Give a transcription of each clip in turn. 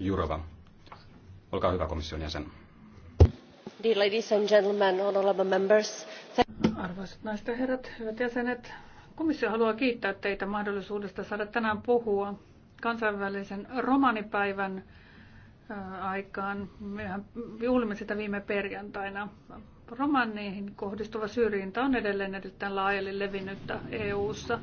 Jurova. Olkaa hyvä komission jäsen. Ladies and gentlemen, honorable members. Arvoisat naiset ja herrat, hyvät jäsenet. Komissio haluaa kiittää teitä mahdollisuudesta saada tänään puhua kansainvälisen romanipäivän äh, aikaan. Mehän juhlimme sitä viime perjantaina. Romaniihin kohdistuva syrjintä on edelleen erittäin laajalle levinnyttä EU-ssa.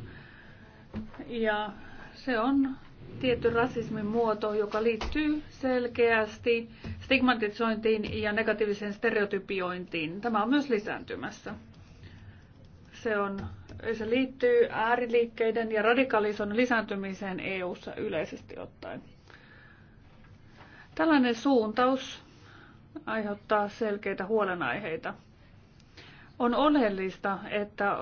Ja se on tietty rasismin muoto, joka liittyy selkeästi stigmatisointiin ja negatiiviseen stereotypiointiin. Tämä on myös lisääntymässä. Se, on, se liittyy ääriliikkeiden ja radikalisoinnin lisääntymiseen EU:ssa yleisesti ottaen. Tällainen suuntaus aiheuttaa selkeitä huolenaiheita. On oleellista, että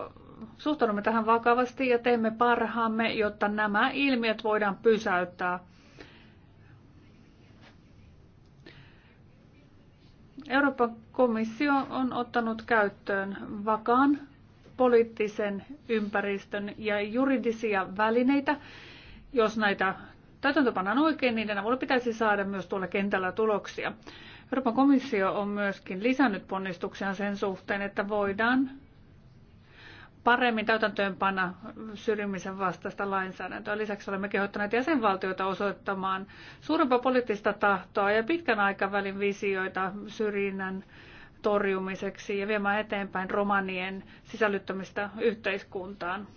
suhtaudumme tähän vakavasti ja teemme parhaamme, jotta nämä ilmiöt voidaan pysäyttää. Euroopan komissio on ottanut käyttöön vakaan poliittisen ympäristön ja juridisia välineitä. Jos näitä täytäntöpannaan oikein, niin avulla pitäisi saada myös tuolla kentällä tuloksia. Euroopan komissio on myöskin lisännyt ponnistuksia sen suhteen, että voidaan paremmin täytäntöönpana syrjimisen vastaista lainsäädäntöä. Lisäksi olemme kehottaneet jäsenvaltioita osoittamaan suurempaa poliittista tahtoa ja pitkän aikavälin visioita syrjinnän torjumiseksi ja viemään eteenpäin romanien sisällyttämistä yhteiskuntaan.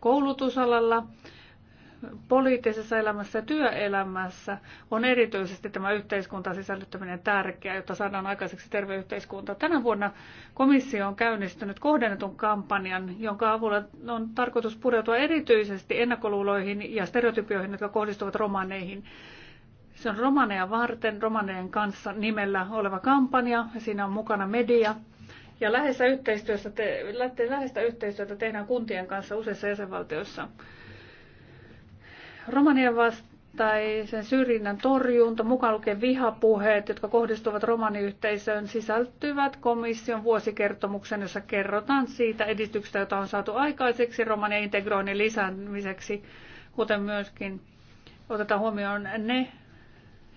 Koulutusalalla poliittisessa elämässä ja työelämässä on erityisesti tämä yhteiskuntaan sisällyttäminen tärkeää, jotta saadaan aikaiseksi terve yhteiskunta. Tänä vuonna komissio on käynnistynyt kohdennetun kampanjan, jonka avulla on tarkoitus pureutua erityisesti ennakkoluuloihin ja stereotypioihin, jotka kohdistuvat romaneihin. Se on romaneja varten, romaneen kanssa nimellä oleva kampanja. Siinä on mukana media, ja läheistä yhteistyötä, te, läheistä yhteistyötä tehdään kuntien kanssa useissa jäsenvaltioissa. Romanien vastaisen syrjinnän torjunta, mukaan lukien vihapuheet, jotka kohdistuvat romaniyhteisöön, sisältyvät komission vuosikertomuksen, jossa kerrotaan siitä edistyksestä, jota on saatu aikaiseksi romanien integroinnin lisäämiseksi, kuten myöskin otetaan huomioon ne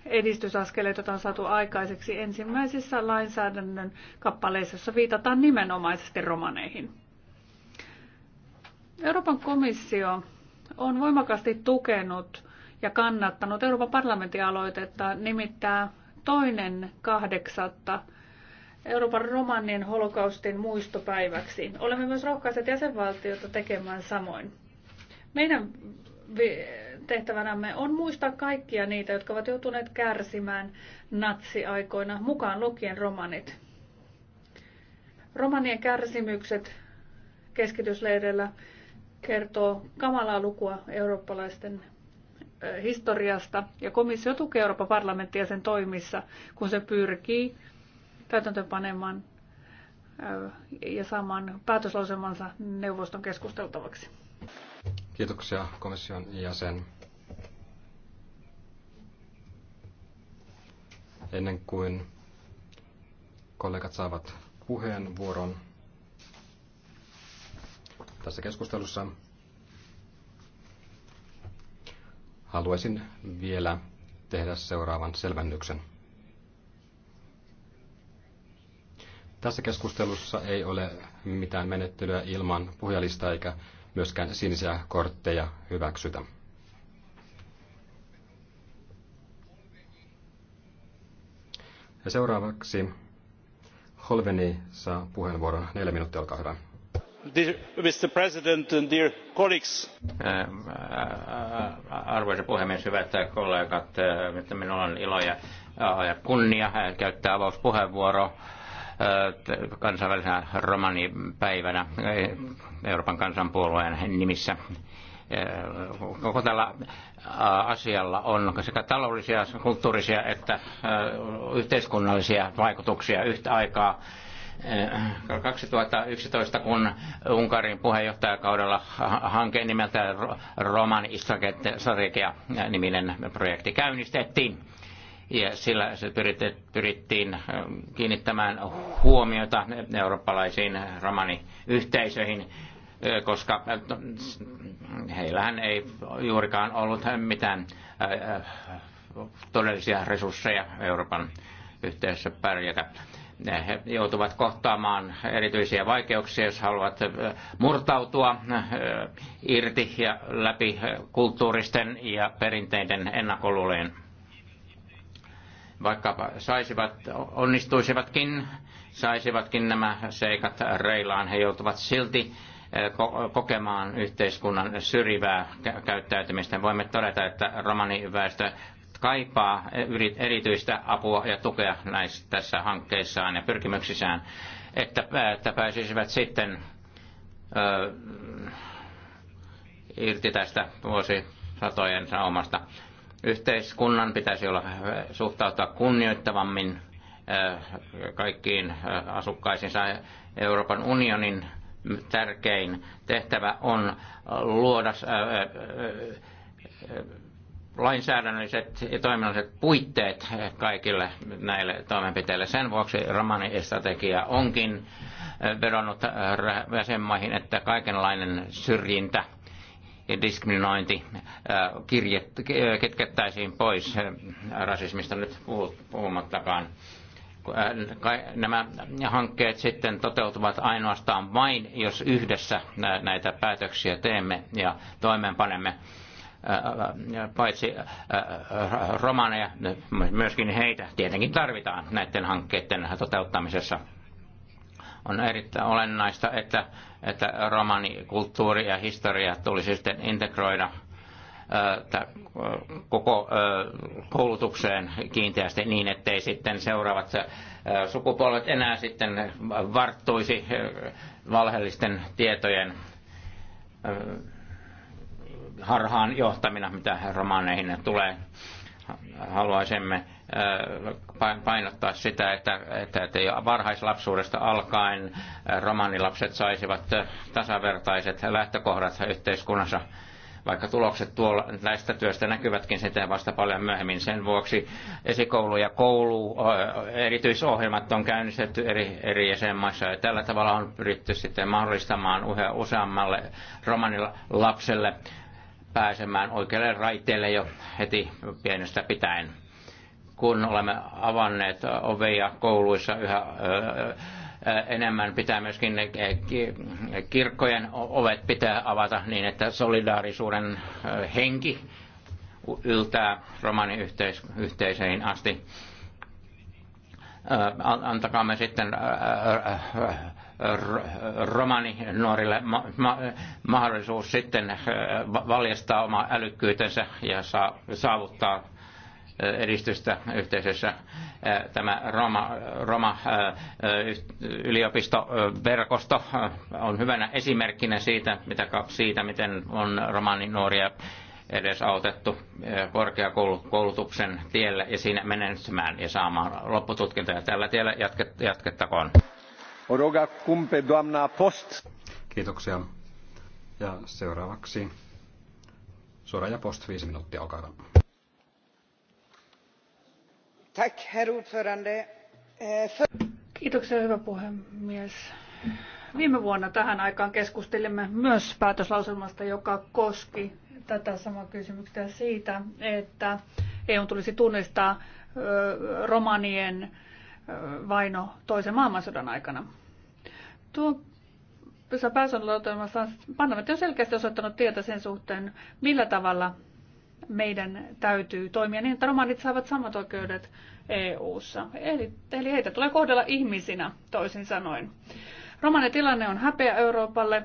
edistysaskeleet, joita on saatu aikaiseksi ensimmäisissä lainsäädännön kappaleissa, jossa viitataan nimenomaisesti romaneihin. Euroopan komissio on voimakkaasti tukenut ja kannattanut Euroopan parlamentin aloitetta nimittää toinen kahdeksatta Euroopan romanien holokaustin muistopäiväksi. Olemme myös rohkaiset jäsenvaltiota tekemään samoin. Meidän tehtävänämme on muistaa kaikkia niitä, jotka ovat joutuneet kärsimään natsiaikoina, mukaan lukien romanit. Romanien kärsimykset keskitysleireillä kertoo kamalaa lukua eurooppalaisten historiasta ja komissio tukee Euroopan parlamenttia sen toimissa, kun se pyrkii täytäntöönpanemaan ja saamaan päätöslausemansa neuvoston keskusteltavaksi. Kiitoksia komission jäsen. Ennen kuin kollegat saavat puheenvuoron, tässä keskustelussa. Haluaisin vielä tehdä seuraavan selvennyksen. Tässä keskustelussa ei ole mitään menettelyä ilman puhujalista eikä myöskään sinisiä kortteja hyväksytä. Ja seuraavaksi Holveni saa puheenvuoron. Neljä minuuttia, olkaa hyvä mr president dear colleagues arvoisa puhemies hyvät kollegat minulla on ilo ja kunnia käyttää avauspuheenvuoro kansainvälisenä romanipäivänä euroopan kansanpuolueen nimissä koko tällä asialla on sekä taloudellisia, kulttuurisia että yhteiskunnallisia vaikutuksia yhtä aikaa. 2011, äh, kun Unkarin puheenjohtajakaudella hanke nimeltä Roman strategia äh, niminen projekti käynnistettiin. Ja sillä se pyrittiin äh, kiinnittämään huomiota eurooppalaisiin romaniyhteisöihin, koska heillähän ei juurikaan ollut mitään todellisia resursseja Euroopan yhteisössä pärjätä he joutuvat kohtaamaan erityisiä vaikeuksia, jos haluavat murtautua irti ja läpi kulttuuristen ja perinteiden ennakkoluulojen. Vaikka saisivat, onnistuisivatkin, saisivatkin nämä seikat reilaan, he joutuvat silti kokemaan yhteiskunnan syrjivää käyttäytymistä. Voimme todeta, että romaniväestö kaipaa erityistä apua ja tukea näissä, tässä hankkeissaan ja pyrkimyksissään, että, että pääsisivät sitten ö, irti tästä vuosisatojen saumasta. Yhteiskunnan pitäisi olla suhtautua kunnioittavammin ö, kaikkiin asukkaisiinsa Euroopan unionin tärkein tehtävä on luoda ö, ö, ö, lainsäädännölliset ja toiminnalliset puitteet kaikille näille toimenpiteille. Sen vuoksi strategia onkin vedonnut jäsenmaihin, että kaikenlainen syrjintä ja diskriminointi kirjet, pois rasismista nyt puhumattakaan. Nämä hankkeet sitten toteutuvat ainoastaan vain, jos yhdessä näitä päätöksiä teemme ja toimeenpanemme paitsi romaneja, myöskin heitä tietenkin tarvitaan näiden hankkeiden toteuttamisessa. On erittäin olennaista, että, että romanikulttuuri ja historia tulisi sitten integroida koko koulutukseen kiinteästi niin, ettei sitten seuraavat sukupolvet enää sitten varttuisi valheellisten tietojen harhaan johtamina, mitä romaaneihin tulee. Haluaisimme äh, painottaa sitä, että, että, että jo varhaislapsuudesta alkaen äh, romanilapset saisivat äh, tasavertaiset lähtökohdat yhteiskunnassa vaikka tulokset tuolla, näistä työstä näkyvätkin sitä vasta paljon myöhemmin. Sen vuoksi esikoulu ja koulu, erityisohjelmat on käynnistetty eri, eri jäsenmaissa ja tällä tavalla on pyritty sitten mahdollistamaan useammalle romanilapselle lapselle pääsemään oikealle raiteelle jo heti pienestä pitäen. Kun olemme avanneet oveja kouluissa yhä enemmän, pitää myöskin ne e, kirkkojen ovet pitää avata niin, että solidaarisuuden henki yltää romaniyhteisöihin asti antakaamme sitten romani nuorille ma- ma- mahdollisuus sitten äh, valjastaa oma älykkyytensä ja saavuttaa äh, edistystä yhteisössä. Äh, tämä Roma, Roma yliopistoverkosto on hyvänä esimerkkinä siitä, mitä, siitä miten on romani nuoria edesautettu korkeakoulutuksen tielle ja siinä menestymään ja saamaan loppututkintoja. Tällä tiellä jatket, jatkettakoon. Roga kumpe post. Kiitoksia. Ja seuraavaksi suora ja post viisi minuuttia, olkaa hyvä. Eh, Kiitoksia, hyvä puhemies. Viime vuonna tähän aikaan keskustelimme myös päätöslauselmasta, joka koski tätä samaa kysymystä siitä, että EU tulisi tunnistaa romanien vaino toisen maailmansodan aikana. Tuo pääsonlautelmassa parlamentti on selkeästi osoittanut tietä sen suhteen, millä tavalla meidän täytyy toimia niin, että romanit saavat samat oikeudet EU-ssa. Eli, eli heitä tulee kohdella ihmisinä, toisin sanoen. Romanitilanne on häpeä Euroopalle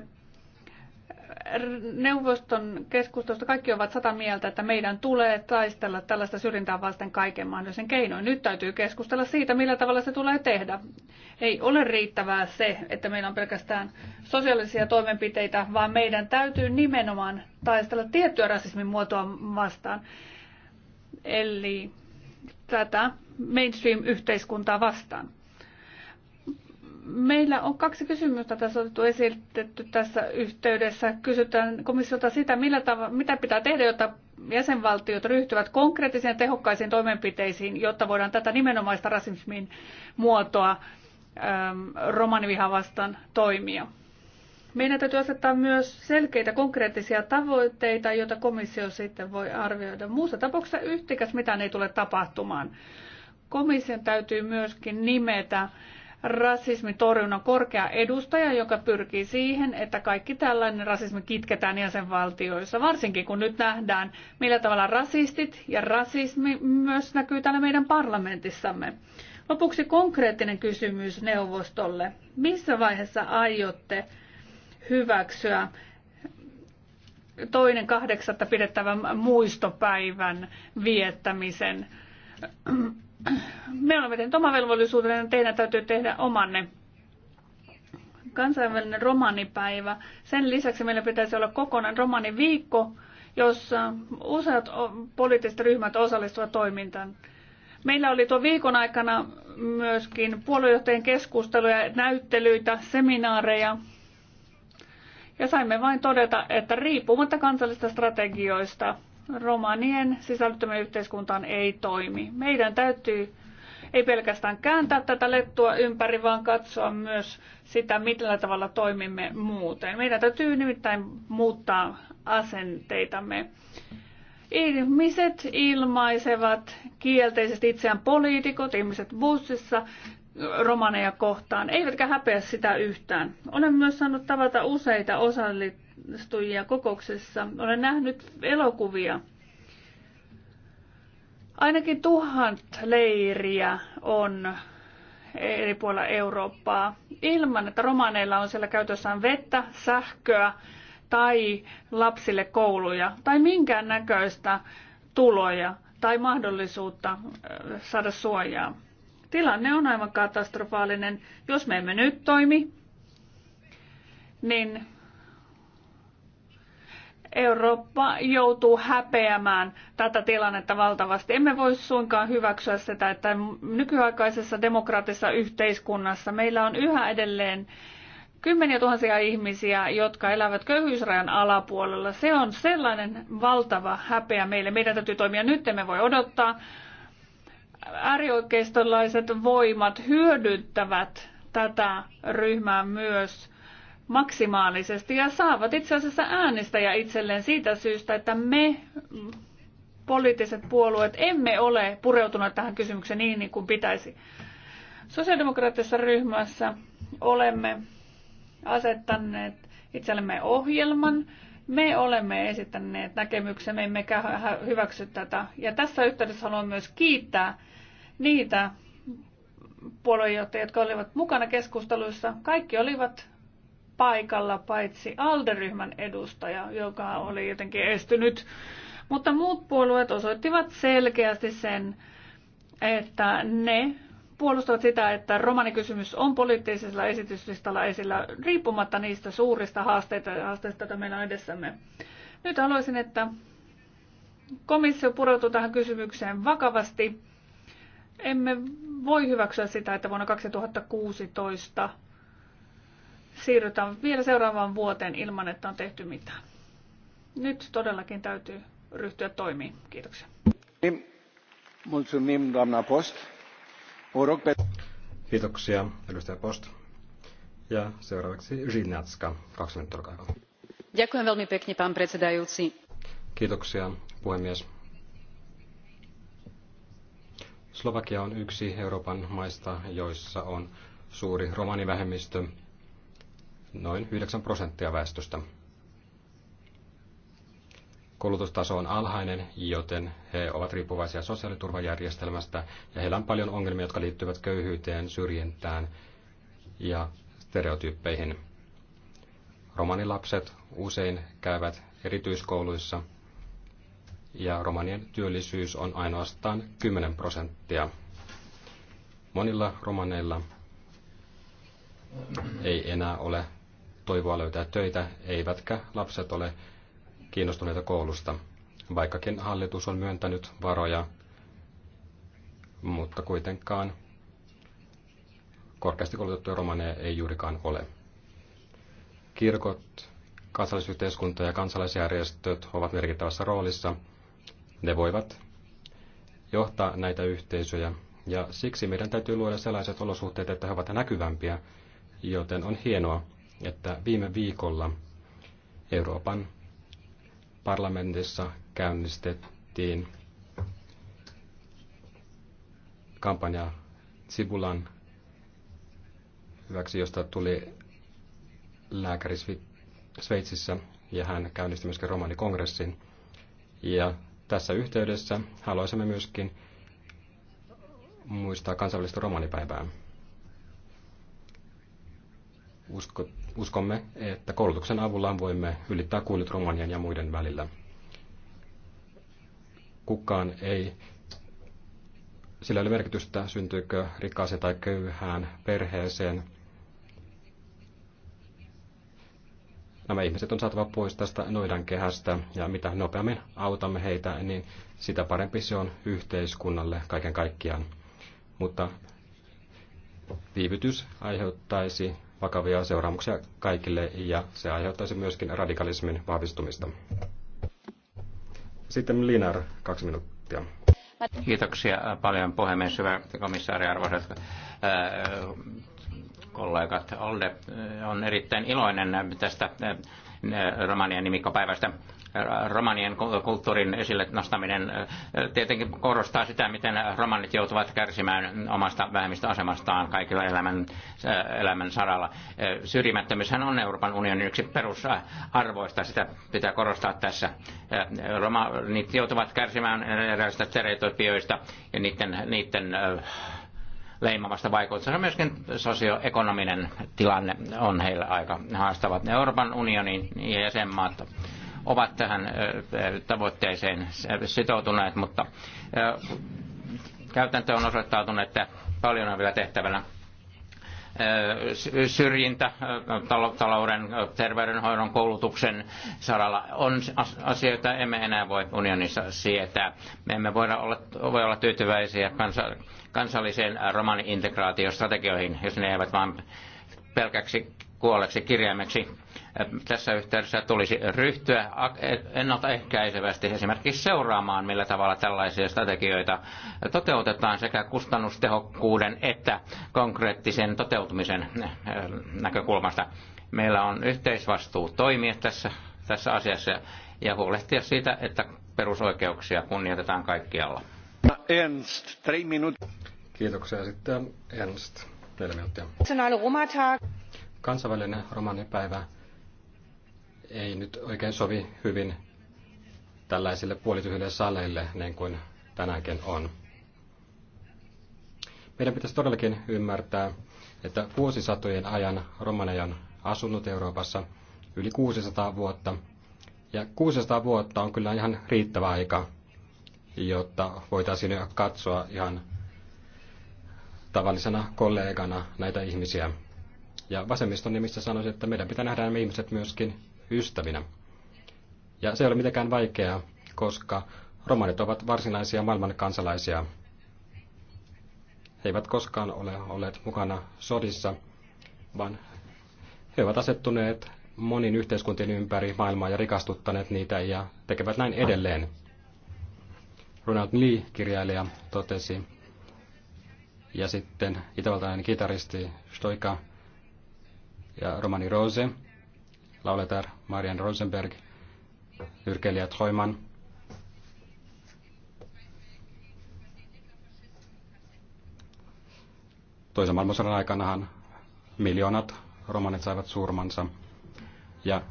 neuvoston keskustelusta kaikki ovat sata mieltä, että meidän tulee taistella tällaista syrjintää vasten kaiken mahdollisen keinoin. Nyt täytyy keskustella siitä, millä tavalla se tulee tehdä. Ei ole riittävää se, että meillä on pelkästään sosiaalisia toimenpiteitä, vaan meidän täytyy nimenomaan taistella tiettyä rasismin muotoa vastaan. Eli tätä mainstream-yhteiskuntaa vastaan. Meillä on kaksi kysymystä tässä otettu esitetty tässä yhteydessä. Kysytään komissiota sitä, millä tav- mitä pitää tehdä, jotta jäsenvaltiot ryhtyvät konkreettisiin ja tehokkaisiin toimenpiteisiin, jotta voidaan tätä nimenomaista rasismin muotoa ähm, romanivihaa vastaan toimia. Meidän täytyy asettaa myös selkeitä konkreettisia tavoitteita, joita komissio sitten voi arvioida. Muussa tapauksessa yhtikäs mitään ei tule tapahtumaan. Komission täytyy myöskin nimetä rasismitorjunnan korkea edustaja, joka pyrkii siihen, että kaikki tällainen rasismi kitketään jäsenvaltioissa, varsinkin kun nyt nähdään, millä tavalla rasistit ja rasismi myös näkyy täällä meidän parlamentissamme. Lopuksi konkreettinen kysymys neuvostolle. Missä vaiheessa aiotte hyväksyä toinen kahdeksatta pidettävän muistopäivän viettämisen? me olemme tehneet oman velvollisuuden ja teidän täytyy tehdä omanne. Kansainvälinen romanipäivä. Sen lisäksi meillä pitäisi olla kokonainen romaniviikko, jossa useat poliittiset ryhmät osallistuvat toimintaan. Meillä oli tuon viikon aikana myöskin puoluejohtajien keskusteluja, näyttelyitä, seminaareja. Ja saimme vain todeta, että riippumatta kansallisista strategioista – romanien sisällyttäminen yhteiskuntaan ei toimi. Meidän täytyy ei pelkästään kääntää tätä lettua ympäri, vaan katsoa myös sitä, millä tavalla toimimme muuten. Meidän täytyy nimittäin muuttaa asenteitamme. Ihmiset ilmaisevat kielteisesti itseään poliitikot, ihmiset bussissa, romaneja kohtaan, eivätkä häpeä sitä yhtään. Olen myös saanut tavata useita osallistujia osallistujia kokouksessa. Olen nähnyt elokuvia. Ainakin tuhant leiriä on eri puolilla Eurooppaa ilman, että romaneilla on siellä käytössään vettä, sähköä tai lapsille kouluja tai minkään näköistä tuloja tai mahdollisuutta saada suojaa. Tilanne on aivan katastrofaalinen. Jos me emme nyt toimi, niin Eurooppa joutuu häpeämään tätä tilannetta valtavasti. Emme voi suinkaan hyväksyä sitä, että nykyaikaisessa demokraattisessa yhteiskunnassa meillä on yhä edelleen kymmeniä tuhansia ihmisiä, jotka elävät köyhyysrajan alapuolella. Se on sellainen valtava häpeä meille. Meidän täytyy toimia nyt, emme voi odottaa. Äärioikeistolaiset voimat hyödyttävät tätä ryhmää myös maksimaalisesti ja saavat itse asiassa äänestäjä itselleen siitä syystä, että me mm, poliittiset puolueet emme ole pureutuneet tähän kysymykseen niin, niin kuin pitäisi. Sosiaalidemokraattisessa ryhmässä olemme asettaneet itsellemme ohjelman. Me olemme esittäneet näkemyksemme, emmekä hyväksy tätä. Ja tässä yhteydessä haluan myös kiittää niitä puoluejohtajia, jotka olivat mukana keskusteluissa. Kaikki olivat paikalla paitsi alderyhmän edustaja, joka oli jotenkin estynyt. Mutta muut puolueet osoittivat selkeästi sen, että ne puolustavat sitä, että romanikysymys on poliittisella esityslistalla esillä riippumatta niistä suurista haasteista, haasteista joita meillä on edessämme. Nyt haluaisin, että komissio pureutuu tähän kysymykseen vakavasti. Emme voi hyväksyä sitä, että vuonna 2016 siirrytään vielä seuraavaan vuoteen ilman, että on tehty mitään. Nyt todellakin täytyy ryhtyä toimiin. Kiitoksia. Post. Kiitoksia, edustaja Post. Ja seuraavaksi Žilnatska, kaksi minuuttia, olkaa veľmi pekne, pán predsedajúci. Kiitoksia, puhemies. Slovakia on yksi Euroopan maista, joissa on suuri romanivähemmistö, noin 9 prosenttia väestöstä. Kulutustaso on alhainen, joten he ovat riippuvaisia sosiaaliturvajärjestelmästä ja heillä on paljon ongelmia, jotka liittyvät köyhyyteen, syrjintään ja stereotyyppeihin. Romanilapset usein käyvät erityiskouluissa ja romanien työllisyys on ainoastaan 10 prosenttia. Monilla romaneilla ei enää ole toivoa löytää töitä, eivätkä lapset ole kiinnostuneita koulusta, vaikkakin hallitus on myöntänyt varoja, mutta kuitenkaan korkeasti koulutettuja romaneja ei juurikaan ole. Kirkot, kansallisyhteiskunta ja kansalaisjärjestöt ovat merkittävässä roolissa. Ne voivat johtaa näitä yhteisöjä ja siksi meidän täytyy luoda sellaiset olosuhteet, että he ovat näkyvämpiä, joten on hienoa, että viime viikolla Euroopan parlamentissa käynnistettiin kampanja Sibulan hyväksi, josta tuli lääkäri Sveitsissä ja hän käynnisti myöskin romanikongressin. Ja tässä yhteydessä haluaisimme myöskin muistaa kansainvälistä romanipäivää. Uskot, Uskomme, että koulutuksen avulla voimme ylittää kuunnit Romanian ja muiden välillä. Kukaan ei, sillä ei ole merkitystä, syntyykö rikkaaseen tai köyhään perheeseen. Nämä ihmiset on saatava pois tästä kehästä ja mitä nopeammin autamme heitä, niin sitä parempi se on yhteiskunnalle kaiken kaikkiaan. Mutta viivytys aiheuttaisi vakavia seuraamuksia kaikille ja se aiheuttaisi myöskin radikalismin vahvistumista. Sitten Linar, kaksi minuuttia. Kiitoksia paljon puhemies, hyvä komissaari, arvoisat äh, kollegat. Olde äh, on erittäin iloinen tästä äh, Äh, romanian nimikkopäivästä. Äh, romanien kulttuurin esille nostaminen äh, tietenkin korostaa sitä, miten romanit joutuvat kärsimään omasta vähemmistöasemastaan kaikilla elämän, elämän saralla. Syrjimättömyyshän on Euroopan unionin yksi perusarvoista, sitä pitää korostaa tässä. Romanit joutuvat kärsimään erilaisista stereotypioista ja niiden, niiden leimavasta vaikutuksesta. Myöskin sosioekonominen tilanne on heillä aika haastava. Euroopan unionin ja jäsenmaat ovat tähän tavoitteeseen sitoutuneet, mutta käytäntö on osoittautunut, että paljon on vielä tehtävänä syrjintä talouden, terveydenhoidon, koulutuksen saralla on asioita, emme enää voi unionissa sietää. Me emme voida olla, voi olla tyytyväisiä kansa, kansalliseen romani-integraatiostrategioihin, jos ne eivät vain pelkäksi kuolleeksi kirjaimeksi tässä yhteydessä tulisi ryhtyä e- ennaltaehkäisevästi esimerkiksi seuraamaan, millä tavalla tällaisia strategioita toteutetaan sekä kustannustehokkuuden että konkreettisen toteutumisen näkökulmasta. Meillä on yhteisvastuu toimia tässä, tässä asiassa ja huolehtia siitä, että perusoikeuksia kunnioitetaan kaikkialla. Ernst, tre minuuttia. Kiitoksia sitten Ernst. Neljä minuuttia. Kansainvälinen romanipäivä ei nyt oikein sovi hyvin tällaisille puolityhjille saleille, niin kuin tänäänkin on. Meidän pitäisi todellakin ymmärtää, että vuosisatojen ajan romaneja on asunut Euroopassa yli 600 vuotta. Ja 600 vuotta on kyllä ihan riittävä aika, jotta voitaisiin katsoa ihan tavallisena kollegana näitä ihmisiä. Ja vasemmiston nimissä sanoisin, että meidän pitää nähdä nämä ihmiset myöskin ystävinä. Ja se ei ole mitenkään vaikeaa, koska romanit ovat varsinaisia maailman kansalaisia. He eivät koskaan ole olleet mukana sodissa, vaan he ovat asettuneet monin yhteiskuntien ympäri maailmaa ja rikastuttaneet niitä ja tekevät näin edelleen. Ronald Lee, kirjailija, totesi, ja sitten itävaltainen kitaristi Stoika ja Romani Rose – lauletar Marian Rosenberg, yrkeilijä Troiman. Toisen maailmansodan aikanahan miljoonat romanit saivat surmansa. Ja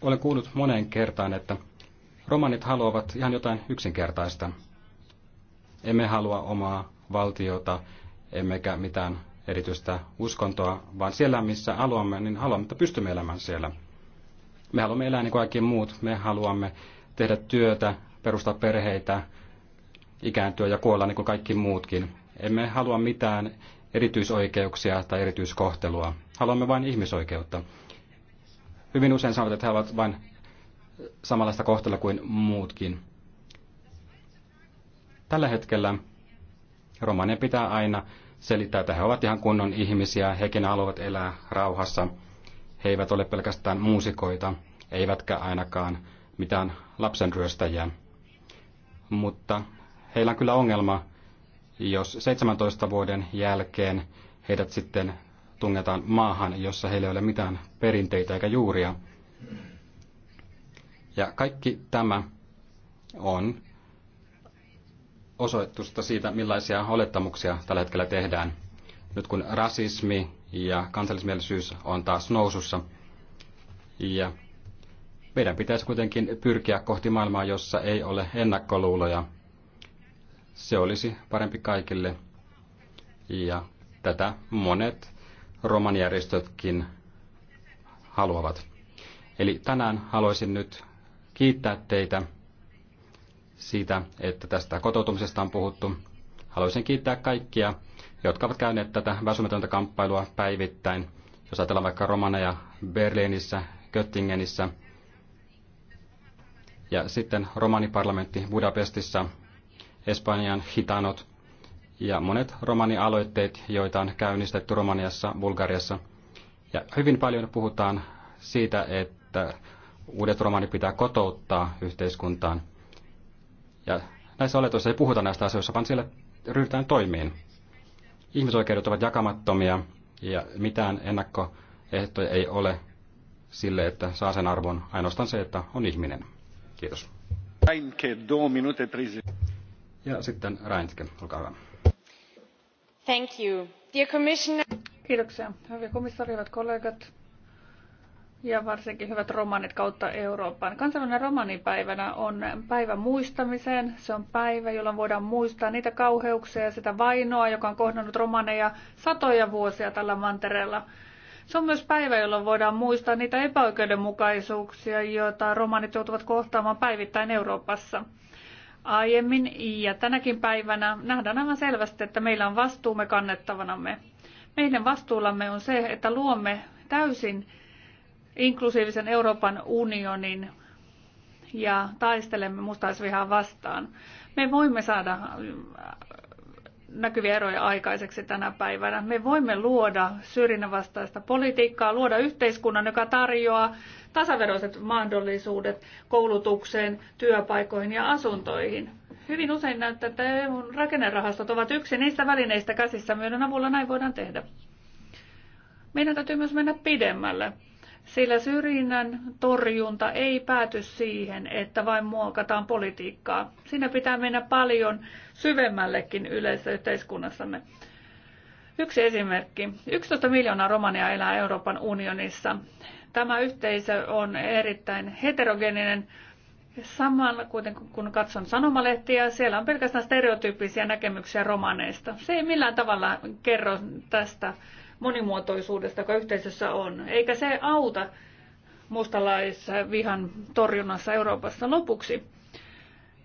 olen kuullut moneen kertaan, että romanit haluavat ihan jotain yksinkertaista. Emme halua omaa valtiota, emmekä mitään erityistä uskontoa, vaan siellä, missä haluamme, niin haluamme, että pystymme elämään siellä. Me haluamme elää niin kuin kaikki muut. Me haluamme tehdä työtä, perustaa perheitä, ikääntyä ja kuolla niin kuin kaikki muutkin. Emme halua mitään erityisoikeuksia tai erityiskohtelua. Haluamme vain ihmisoikeutta. Hyvin usein sanotaan, että he ovat vain samanlaista kohtelua kuin muutkin. Tällä hetkellä Romanien pitää aina selittää, että he ovat ihan kunnon ihmisiä, hekin haluavat elää rauhassa. He eivät ole pelkästään muusikoita, eivätkä ainakaan mitään lapsenryöstäjiä. Mutta heillä on kyllä ongelma, jos 17 vuoden jälkeen heidät sitten tungetaan maahan, jossa heillä ei ole mitään perinteitä eikä juuria. Ja kaikki tämä on osoitusta siitä, millaisia olettamuksia tällä hetkellä tehdään. Nyt kun rasismi ja kansallismielisyys on taas nousussa. Ja meidän pitäisi kuitenkin pyrkiä kohti maailmaa, jossa ei ole ennakkoluuloja. Se olisi parempi kaikille. Ja tätä monet romanijärjestötkin haluavat. Eli tänään haluaisin nyt kiittää teitä siitä, että tästä kotoutumisesta on puhuttu. Haluaisin kiittää kaikkia, jotka ovat käyneet tätä väsymätöntä kamppailua päivittäin. Jos ajatellaan vaikka romaneja Berliinissä, Göttingenissä ja sitten romaniparlamentti Budapestissa, Espanjan hitanot ja monet romanialoitteet, joita on käynnistetty Romaniassa, Bulgariassa. Ja hyvin paljon puhutaan siitä, että uudet romani pitää kotouttaa yhteiskuntaan. Ja näissä oletuissa ei puhuta näistä asioista, vaan siellä ryhdytään toimiin. Ihmisoikeudet ovat jakamattomia ja mitään ennakkoehtoja ei ole sille, että saa sen arvon ainoastaan se, että on ihminen. Kiitos. Ja sitten Reintke, olkaa hyvä. Thank you. Dear Commissioner... Kiitoksia. Hyviä komissaari, hyvät kollegat ja varsinkin hyvät romanit kautta Euroopan. Kansainvälinen romanipäivänä on päivä muistamiseen. Se on päivä, jolla voidaan muistaa niitä kauheuksia ja sitä vainoa, joka on kohdannut romaneja satoja vuosia tällä mantereella. Se on myös päivä, jolloin voidaan muistaa niitä epäoikeudenmukaisuuksia, joita romanit joutuvat kohtaamaan päivittäin Euroopassa. Aiemmin ja tänäkin päivänä nähdään aivan selvästi, että meillä on vastuumme kannettavanamme. Meidän vastuullamme on se, että luomme täysin inklusiivisen Euroopan unionin ja taistelemme mustaisvihaa vastaan. Me voimme saada äh, näkyviä eroja aikaiseksi tänä päivänä. Me voimme luoda syrjinnän vastaista politiikkaa, luoda yhteiskunnan, joka tarjoaa tasaveroiset mahdollisuudet koulutukseen, työpaikoihin ja asuntoihin. Hyvin usein näyttää, että EUn rakennerahastot ovat yksi niistä välineistä käsissä, joiden avulla näin voidaan tehdä. Meidän täytyy myös mennä pidemmälle sillä syrjinnän torjunta ei pääty siihen, että vain muokataan politiikkaa. Siinä pitää mennä paljon syvemmällekin yleisessä yhteiskunnassamme. Yksi esimerkki. 11 miljoonaa romania elää Euroopan unionissa. Tämä yhteisö on erittäin heterogeeninen. Samalla kuitenkin kun katson sanomalehtiä, siellä on pelkästään stereotyyppisiä näkemyksiä romaneista. Se ei millään tavalla kerro tästä monimuotoisuudesta, joka yhteisössä on. Eikä se auta vihan torjunnassa Euroopassa lopuksi.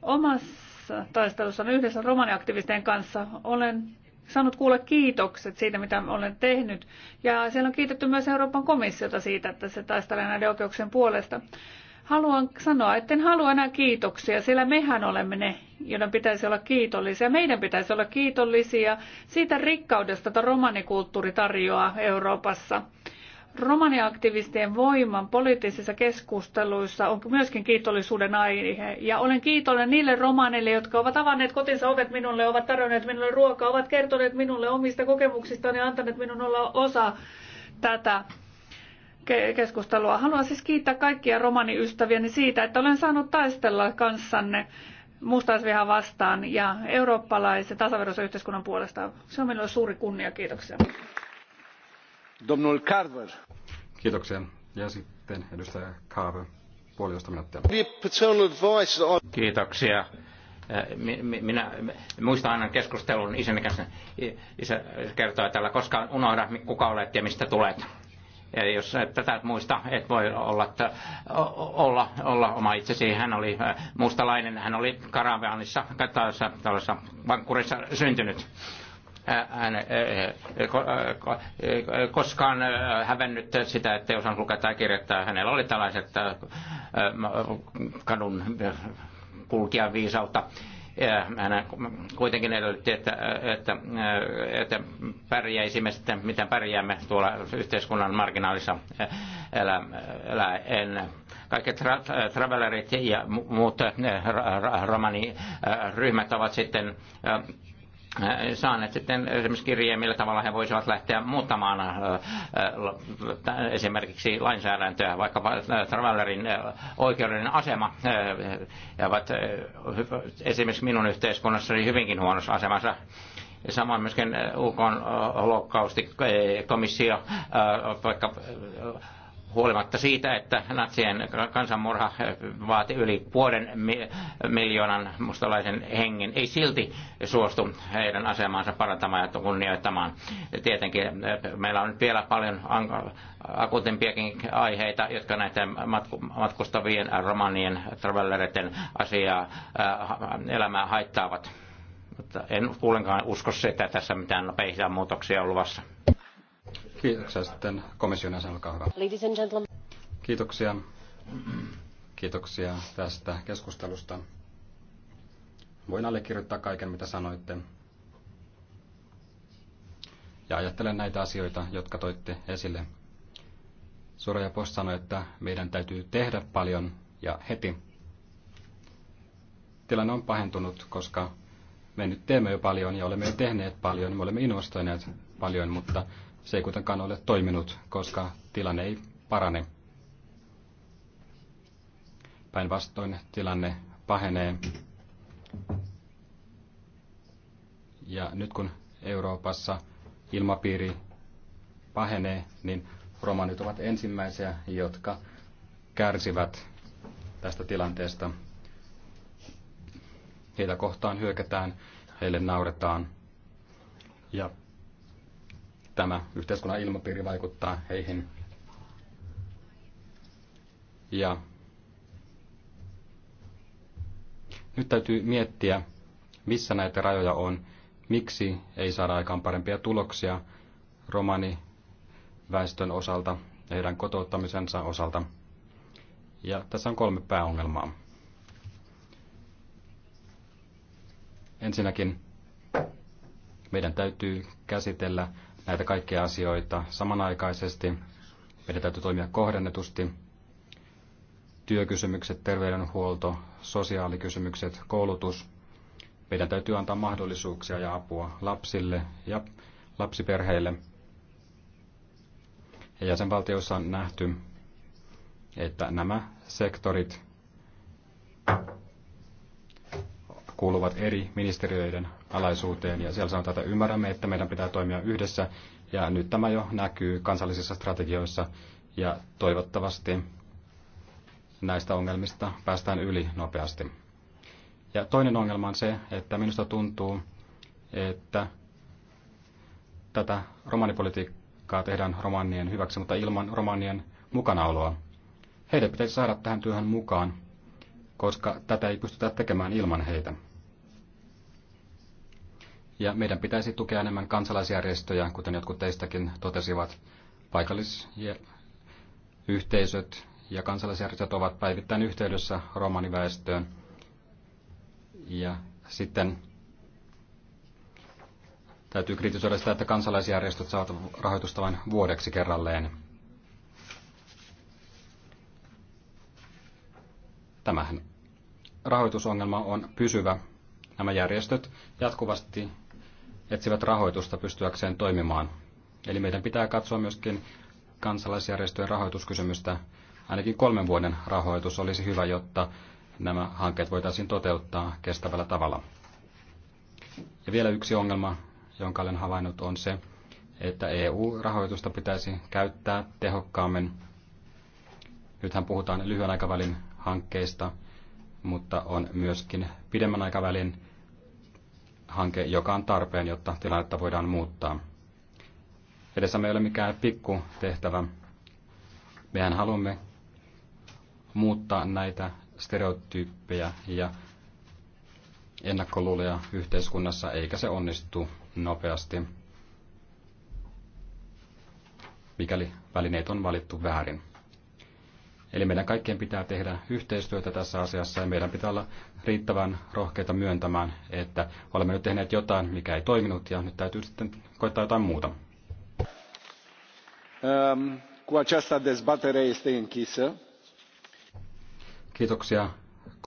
Omassa taistelussani yhdessä romaniaktivisten kanssa olen saanut kuulla kiitokset siitä, mitä olen tehnyt. Ja siellä on kiitetty myös Euroopan komissiota siitä, että se taistelee näiden oikeuksien puolesta. Haluan sanoa, etten halua enää kiitoksia, sillä mehän olemme ne, joiden pitäisi olla kiitollisia. Meidän pitäisi olla kiitollisia siitä rikkaudesta, jota romanikulttuuri tarjoaa Euroopassa. Romaniaktivistien voiman poliittisissa keskusteluissa on myöskin kiitollisuuden aihe. Ja olen kiitollinen niille romaneille, jotka ovat avanneet kotinsa ovet minulle, ovat tarjonneet minulle ruokaa, ovat kertoneet minulle omista kokemuksistaan ja antaneet minun olla osa tätä keskustelua. Haluan siis kiittää kaikkia romaniystäviäni siitä, että olen saanut taistella kanssanne mustaisvihaa vastaan ja eurooppalaisen tasaveroisen yhteiskunnan puolesta. Se on minulle suuri kunnia. Kiitoksia. Domnul Carver. Kiitoksia. Ja sitten edustaja Carver, puolitoista minuuttia. Kiitoksia. Eh, minä muistan aina keskustelun isäni kanssa. Isä kertoo tällä, koskaan unohda kuka olet ja mistä tulet ja jos et tätä muista, et voi olla, että, olla, olla oma itsesi. Hän oli äh, mustalainen, hän oli karavaanissa, tällaisessa, tällaisessa vankkurissa syntynyt hän koskaan hävennyt sitä, ettei osannut lukea tai kirjoittaa. Hänellä oli tällaiset kadun kulkijan viisautta hän kuitenkin edellytti, että, että, että pärjäisimme sitten, miten pärjäämme tuolla yhteiskunnan marginaalissa elä, elä, en. Kaikki tra, travelerit ja muut eh, romaniryhmät ovat sitten eh, Äh, saaneet sitten esimerkiksi kirjeen, millä tavalla he voisivat lähteä muuttamaan äh, äh, esimerkiksi lainsäädäntöä, vaikka Travellerin oikeudellinen asema ovat esimerkiksi minun yhteiskunnassani niin hyvinkin huonossa asemassa samoin myöskin UK holokaustikomissio komissio, vaikka huolimatta siitä, että natsien kansanmurha vaati yli puolen miljoonan mustalaisen hengen, ei silti suostu heidän asemaansa parantamaan ja kunnioittamaan. Tietenkin eh, meillä on nyt vielä paljon akuutimpiakin aiheita, jotka näiden matkustavien romanien, travellereiden asiaa, eh, elämää haittaavat. Mutta en kuulenkaan usko sitä, että tässä mitään nopeita muutoksia on luvassa. Kiitoksia sitten komission jäsen, olkaa hyvä. Ladies and gentlemen. Kiitoksia. Kiitoksia tästä keskustelusta. Voin allekirjoittaa kaiken, mitä sanoitte. Ja ajattelen näitä asioita, jotka toitte esille. Suoraja Post sanoi, että meidän täytyy tehdä paljon ja heti. Tilanne on pahentunut, koska me nyt teemme jo paljon ja olemme jo tehneet paljon, me olemme investoineet paljon, mutta se ei kuitenkaan ole toiminut, koska tilanne ei parane. Päinvastoin tilanne pahenee. Ja nyt kun Euroopassa ilmapiiri pahenee, niin romanit ovat ensimmäisiä, jotka kärsivät tästä tilanteesta. Heitä kohtaan hyökätään, heille nauretaan ja tämä yhteiskunnan ilmapiiri vaikuttaa heihin. Ja nyt täytyy miettiä, missä näitä rajoja on, miksi ei saada aikaan parempia tuloksia romaniväestön osalta ja heidän kotouttamisensa osalta. Ja tässä on kolme pääongelmaa. Ensinnäkin meidän täytyy käsitellä näitä kaikkia asioita samanaikaisesti. Meidän täytyy toimia kohdennetusti. Työkysymykset, terveydenhuolto, sosiaalikysymykset, koulutus. Meidän täytyy antaa mahdollisuuksia ja apua lapsille ja lapsiperheille. Ja jäsenvaltioissa on nähty, että nämä sektorit kuuluvat eri ministeriöiden alaisuuteen. Ja siellä sanotaan, että ymmärrämme, että meidän pitää toimia yhdessä. Ja nyt tämä jo näkyy kansallisissa strategioissa. Ja toivottavasti näistä ongelmista päästään yli nopeasti. Ja toinen ongelma on se, että minusta tuntuu, että tätä romanipolitiikkaa tehdään romanien hyväksi, mutta ilman romanien mukanaoloa. Heidät pitäisi saada tähän työhön mukaan, koska tätä ei pystytä tekemään ilman heitä. Ja meidän pitäisi tukea enemmän kansalaisjärjestöjä, kuten jotkut teistäkin totesivat. Paikallisyhteisöt ja kansalaisjärjestöt ovat päivittäin yhteydessä romaniväestöön. Ja sitten täytyy kritisoida sitä, että kansalaisjärjestöt saavat rahoitusta vain vuodeksi kerralleen. Tämähän rahoitusongelma on pysyvä. Nämä järjestöt jatkuvasti etsivät rahoitusta pystyäkseen toimimaan. Eli meidän pitää katsoa myöskin kansalaisjärjestöjen rahoituskysymystä. Ainakin kolmen vuoden rahoitus olisi hyvä, jotta nämä hankkeet voitaisiin toteuttaa kestävällä tavalla. Ja vielä yksi ongelma, jonka olen havainnut, on se, että EU-rahoitusta pitäisi käyttää tehokkaammin. Nythän puhutaan lyhyen aikavälin hankkeista, mutta on myöskin pidemmän aikavälin hanke, joka on tarpeen, jotta tilannetta voidaan muuttaa. meillä ei ole mikään pikku tehtävä. Mehän haluamme muuttaa näitä stereotyyppejä ja ennakkoluuloja yhteiskunnassa, eikä se onnistu nopeasti, mikäli välineet on valittu väärin. Eli meidän kaikkien pitää tehdä yhteistyötä tässä asiassa ja meidän pitää olla riittävän rohkeita myöntämään, että olemme nyt tehneet jotain, mikä ei toiminut ja nyt täytyy sitten koittaa jotain muuta. Ehm, cu aceasta dezbatere este închisă. Kiitoksia.